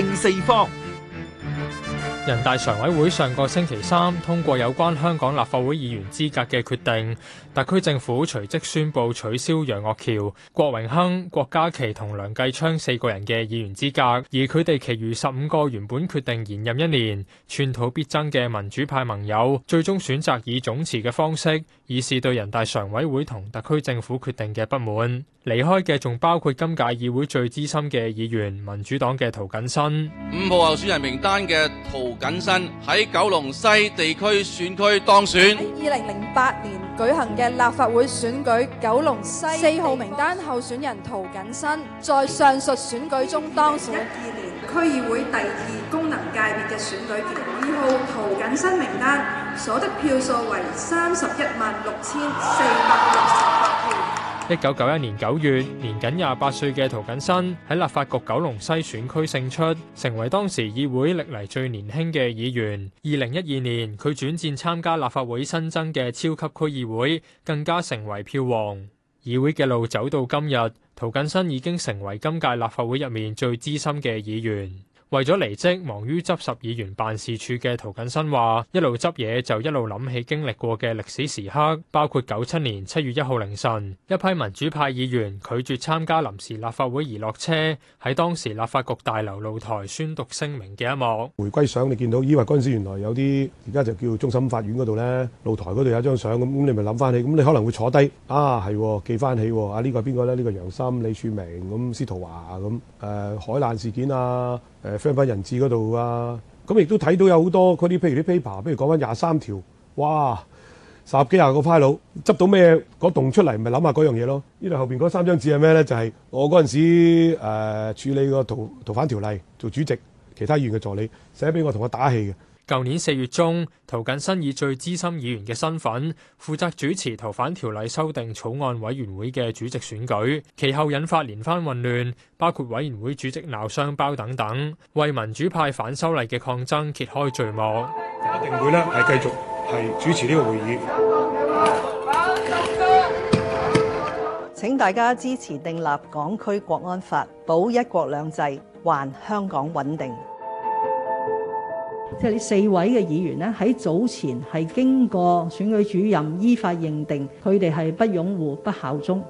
正四方。人大常委會上個星期三通過有關香港立法會議員資格嘅決定，特區政府隨即宣佈取消楊岳橋、郭榮鏗、郭家麒同梁繼昌四個人嘅議員資格，而佢哋其餘十五個原本決定延任一年、寸土必爭嘅民主派盟友，最終選擇以總辭嘅方式，以示對人大常委會同特區政府決定嘅不滿。離開嘅仲包括今屆議會最資深嘅議員民主黨嘅涂謹申。五號候選人名單嘅涂。謹申喺九龍西地區選區當選。二零零八年舉行嘅立法會選舉九龍西四號名單候選人涂謹申，在上述選舉中當選。一二年區議會第二功能界別嘅選舉結果，二號涂謹申名單所得票數為三十一萬六千四百六十。一九九一年九月，年僅廿八歲嘅涂謹申喺立法局九龍西選區勝出，成為當時議會歷嚟最年輕嘅議員。二零一二年，佢轉戰參加立法會新增嘅超級區議會，更加成為票王。議會嘅路走到今日，涂謹申已經成為今屆立法會入面最資深嘅議員。為咗離職，忙於執拾議員辦事處嘅涂謹申話：一路執嘢就一路諗起經歷過嘅歷史時刻，包括九七年七月一號凌晨，一批民主派議員拒絕參加臨時立法會而落車，喺當時立法局大樓露台宣讀聲明嘅一幕。回歸相你見到，以為嗰陣時原來有啲，而家就叫中審法院嗰度呢，露台嗰度有張相咁，你咪諗翻起，咁你可能會坐低，啊係記翻起，啊、這個、呢、這個係邊個？呢個楊森、李柱明，咁司徒華，咁誒、呃、海難事件啊。誒翻人質嗰度啊，咁亦都睇到有好多嗰啲，譬如啲 paper，譬如講緊廿三條，哇，十幾廿個 file 佬執到咩嗰棟出嚟，咪諗下嗰樣嘢咯。呢度後邊嗰三張紙係咩咧？就係、是、我嗰陣時誒、呃、處理個逃逃犯條例做主席，其他議員嘅助理寫俾我同我打氣嘅。舊年四月中，涂謹申以最資深議員嘅身份，負責主持逃犯條例修訂草案委員會嘅主席選舉，其後引發連番混亂，包括委員會主席鬧雙包等等，為民主派反修例嘅抗爭揭開序幕。一定會呢？係繼續係主持呢個會議。請大家支持訂立港區國安法，保一國兩制，還香港穩定。即係這四位嘅議員咧，在早前是經過選舉主任依法認定，佢哋是不擁護，不效忠。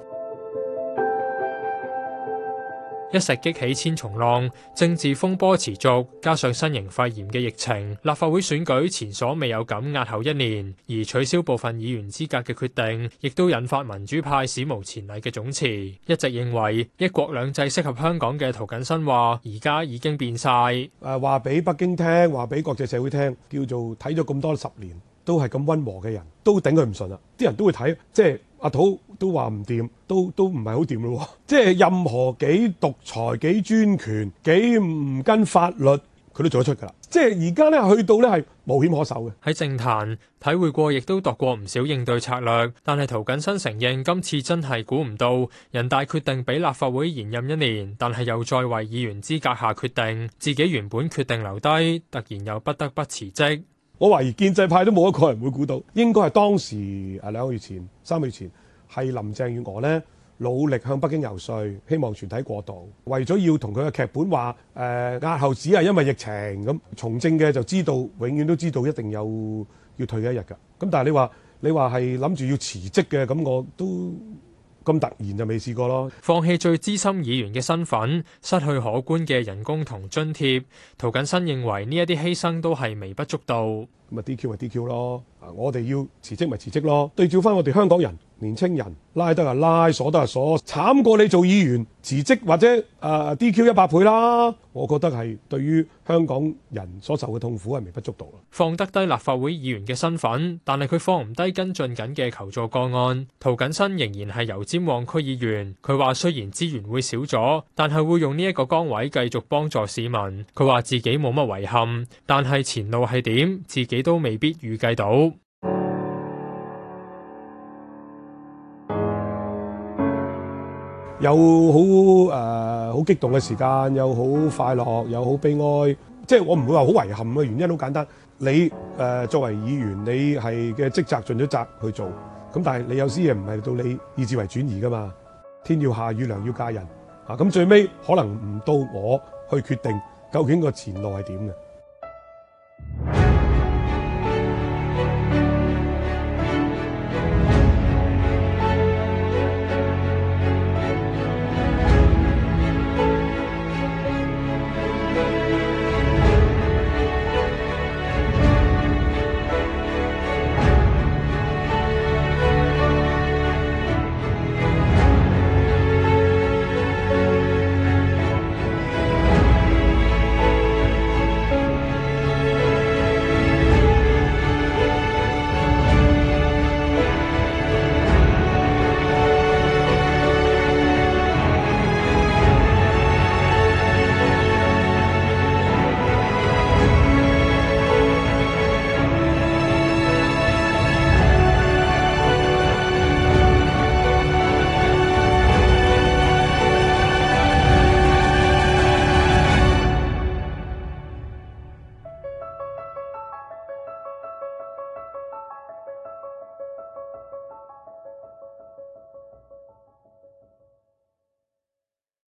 一石激起千重浪，政治風波持續，加上新型肺炎嘅疫情，立法會選舉前所未有咁壓後一年，而取消部分議員資格嘅決定，亦都引發民主派史無前例嘅總辭。一直認為一國兩制適合香港嘅涂謹申話，而家已經變晒。誒，話俾北京聽，話俾國際社會聽，叫做睇咗咁多十年，都係咁溫和嘅人，都頂佢唔順呀。啲人都會睇，即係。阿土都話唔掂，都都唔係好掂咯喎！即係任何幾獨裁、幾專權、幾唔跟法律，佢都做得出㗎啦！即係而家咧，去到咧係無險可守嘅。喺政壇體會過，亦都度過唔少應對策略，但係涂謹申承認，今次真係估唔到人大決定俾立法會延任一年，但係又再為議員資格下決定，自己原本決定留低，突然又不得不辭職。我懷疑建制派都冇一個人會估到，應該係當時誒兩個月前、三個月前係林鄭月娥呢努力向北京游說，希望全體過渡。為咗要同佢嘅劇本話誒押後只係因為疫情咁，從政嘅就知道，永遠都知道一定有要退嘅一日㗎。咁但係你話你話係諗住要辭職嘅，咁我都。咁突然就未試過咯，放棄最資深議員嘅身份，失去可觀嘅人工同津貼，涂謹申認為呢一啲犧牲都係微不足道。咁啊 DQ 咪 DQ 咯，啊我哋要辭職咪辭職咯。對照翻我哋香港人，年青人拉得啊拉，鎖得啊鎖，慘過你做議員辭職或者啊 DQ 一百倍啦。我覺得係對於香港人所受嘅痛苦係微不足道啦。放得低立法會議員嘅身份，但係佢放唔低跟進緊嘅求助個案。涂謹申仍然係油尖旺區議員。佢話雖然資源會少咗，但係會用呢一個崗位繼續幫助市民。佢話自己冇乜遺憾，但係前路係點自己？你都未必預計到有，有好誒好激動嘅時間，有好快樂，有好悲哀。即係我唔會話好遺憾嘅原因，好簡單。你誒、呃、作為議員，你係嘅職責盡咗責去做。咁但係你有啲嘢唔係到你意志為轉移噶嘛？天要下雨，娘要嫁人啊！咁最尾可能唔到我去決定究竟個前路係點嘅。